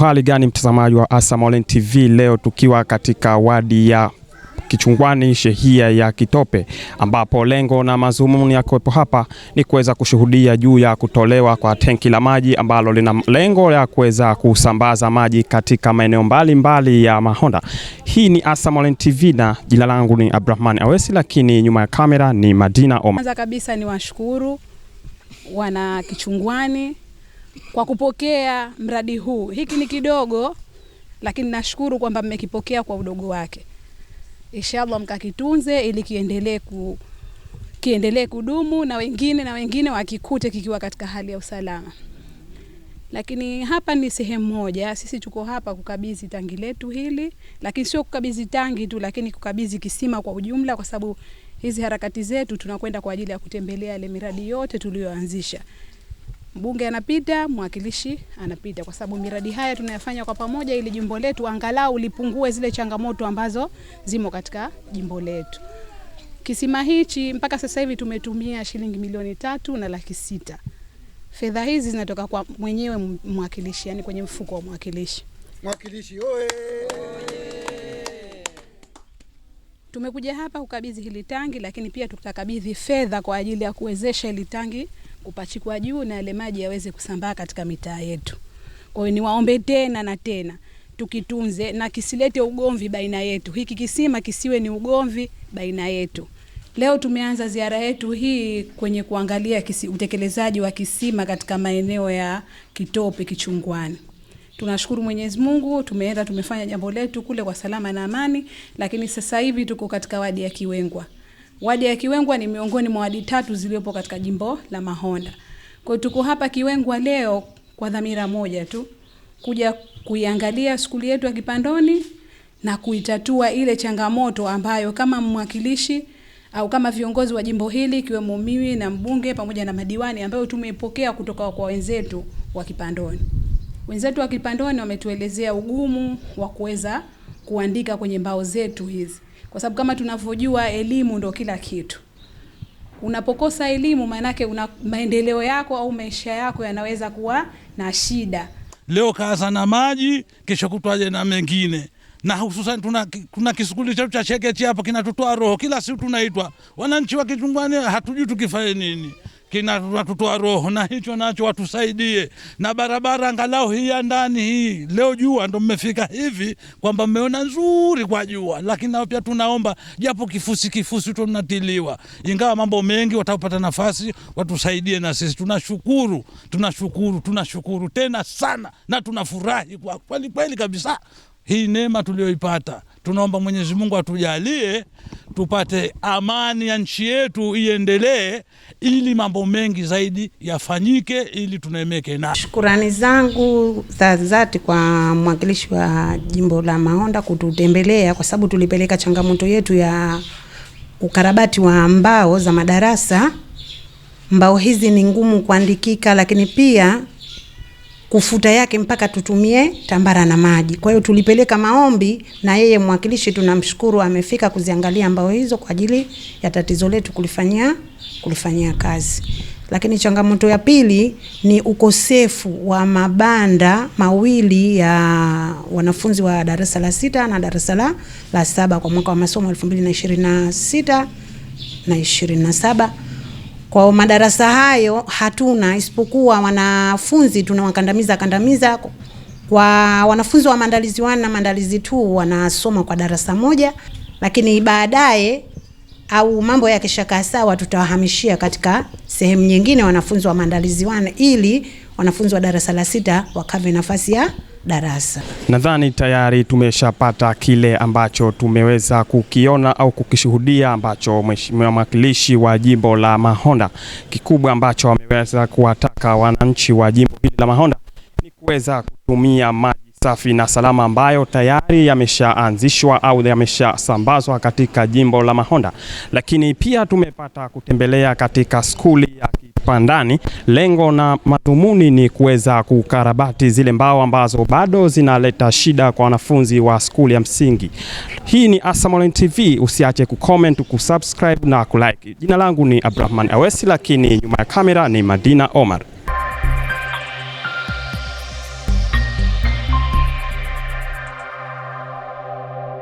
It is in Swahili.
Uhali gani mtazamaji wa Asam Online TV, leo tukiwa katika wadi ya Kichungwani shehia ya Kitope, ambapo lengo na mazumuni ya kuwepo hapa ni kuweza kushuhudia juu ya kutolewa kwa tenki la maji ambalo lina lengo la kuweza kusambaza maji katika maeneo mbalimbali ya Mahonda. Hii ni Asam Online TV na jina langu ni Abrahman Awesi, lakini nyuma ya kamera ni Madina Omar. Kwanza kabisa ni washukuru wana Kichungwani kwa kupokea mradi huu. Hiki ni kidogo, lakini nashukuru kwamba mmekipokea kwa udogo wake. Inshallah mkakitunze ili kiendelee ku kiendelee kudumu na wengine na wengine wakikute kikiwa katika hali ya usalama. Lakini hapa ni sehemu moja, sisi tuko hapa kukabidhi tangi letu hili, lakini sio kukabidhi tangi tu, lakini kukabidhi kisima kwa ujumla, kwa sababu hizi harakati zetu tunakwenda kwa ajili ya kutembelea ile miradi yote tuliyoanzisha mbunge anapita, mwakilishi anapita, kwa sababu miradi haya tunayafanya kwa pamoja ili jimbo letu angalau lipungue zile changamoto ambazo zimo katika jimbo letu. Kisima hichi mpaka sasa hivi tumetumia shilingi milioni tatu na laki sita. Fedha hizi zinatoka kwa mwenyewe mwakilishi, yani kwenye mfuko wa mwakilishi. Mwakilishi oe! Tumekuja hapa kukabidhi hili tangi, lakini pia tutakabidhi fedha kwa ajili ya kuwezesha hili tangi kupachikwa juu na yale maji yaweze kusambaa katika mitaa yetu. Kwa hiyo niwaombe tena na tena tukitunze na kisilete ugomvi baina yetu. Hiki kisima kisiwe ni ugomvi baina yetu. Leo tumeanza ziara yetu hii kwenye kuangalia kisi, utekelezaji wa kisima katika maeneo ya Kitope Kichungwani. Tunashukuru Mwenyezi Mungu, tumeenda tumefanya jambo letu kule kwa salama na amani, lakini sasa hivi tuko katika wadi ya Kiwengwa. Wadi ya Kiwengwa ni miongoni mwa wadi tatu zilizopo katika jimbo la Mahonda. Kwa hiyo tuko hapa Kiwengwa leo kwa dhamira moja tu, kuja kuiangalia skuli yetu ya Kipandoni na kuitatua ile changamoto ambayo kama mwakilishi au kama viongozi wa jimbo hili ikiwemo mimi na mbunge pamoja na madiwani ambayo tumeipokea kutoka kwa wenzetu wa Kipandoni. Wenzetu wa Kipandoni wametuelezea ugumu wa kuweza kuandika kwenye mbao zetu hizi, kwa sababu kama tunavyojua elimu ndo kila kitu. Unapokosa elimu, maanake una maendeleo yako au maisha yako yanaweza kuwa na shida. Leo kaza na maji, kesho kutwaje na mengine na hususan tuna, tuna kisukuli chetu cha chekechi hapo kinatutoa roho. Kila siku tunaitwa wananchi wa Kitungwani, hatujui tukifae nini kinatutoa roho, na hicho nacho watusaidie, na barabara angalau hii ya ndani hii. Leo jua ndo mmefika hivi kwamba mmeona nzuri kwa jua, lakini nao pia tunaomba japo kifusi kifusi tunatiliwa, ingawa mambo mengi watapata nafasi, watusaidie na sisi. Tunashukuru, tunashukuru, tunashukuru tena sana, na tunafurahi kwa kweli kweli kabisa hii neema tuliyoipata. Tunaomba Mwenyezi Mungu atujalie tupate amani ya nchi yetu iendelee, ili mambo mengi zaidi yafanyike, ili tunemeke. Na shukurani zangu za dhati kwa mwakilishi wa jimbo la Maonda kututembelea, kwa sababu tulipeleka changamoto yetu ya ukarabati wa mbao za madarasa. Mbao hizi ni ngumu kuandikika, lakini pia kufuta yake mpaka tutumie tambara na maji. Kwa hiyo tulipeleka maombi na yeye mwakilishi, tunamshukuru amefika kuziangalia mbao hizo kwa ajili ya tatizo letu kulifanyia kulifanyia kazi. Lakini changamoto ya pili ni ukosefu wa mabanda mawili ya wanafunzi wa darasa la sita na darasa la, la saba kwa mwaka wa masomo 2026 na 27 kwa madarasa hayo hatuna isipokuwa wanafunzi tunawakandamiza kandamiza kwa wanafunzi wa maandalizi wana maandalizi tu wanasoma kwa darasa moja, lakini baadaye au mambo yakishakaa sawa, tutawahamishia katika sehemu nyingine wanafunzi wa maandalizi wana, ili wanafunzi wa darasa la sita wakave nafasi ya darasa. Nadhani tayari tumeshapata kile ambacho tumeweza kukiona au kukishuhudia ambacho Mheshimiwa mwakilishi wa jimbo la Mahonda, kikubwa ambacho wameweza kuwataka wananchi wa jimbo hili la Mahonda ni kuweza kutumia maji safi na salama ambayo tayari yameshaanzishwa au yameshasambazwa katika jimbo la Mahonda, lakini pia tumepata kutembelea katika skuli ya hapa ndani, lengo na madhumuni ni kuweza kukarabati zile mbao ambazo bado zinaleta shida kwa wanafunzi wa skuli ya msingi. Hii ni Asam Online TV, usiache kucomment, kusubscribe na kulike. Jina langu ni Abdurahman Awesi, lakini nyuma ya kamera ni Madina Omar.